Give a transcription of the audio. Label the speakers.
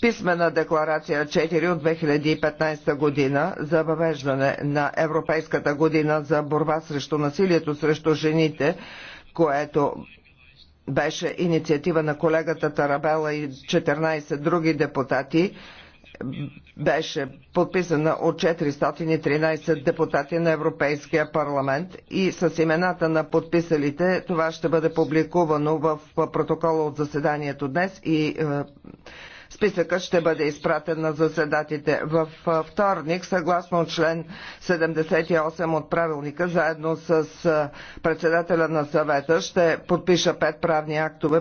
Speaker 1: Писмена декларация 4 от 2015 година за въвеждане на Европейската година за борба срещу насилието срещу жените, което беше инициатива на колегата Тарабела и 14 други депутати, беше подписана от 413 депутати на Европейския парламент и с имената на подписалите това ще бъде публикувано в протокола от заседанието днес и е, Списъкът ще бъде изпратен на заседатите във вторник, съгласно член 78 от правилника, заедно с председателя на съвета ще подпиша пет правни актове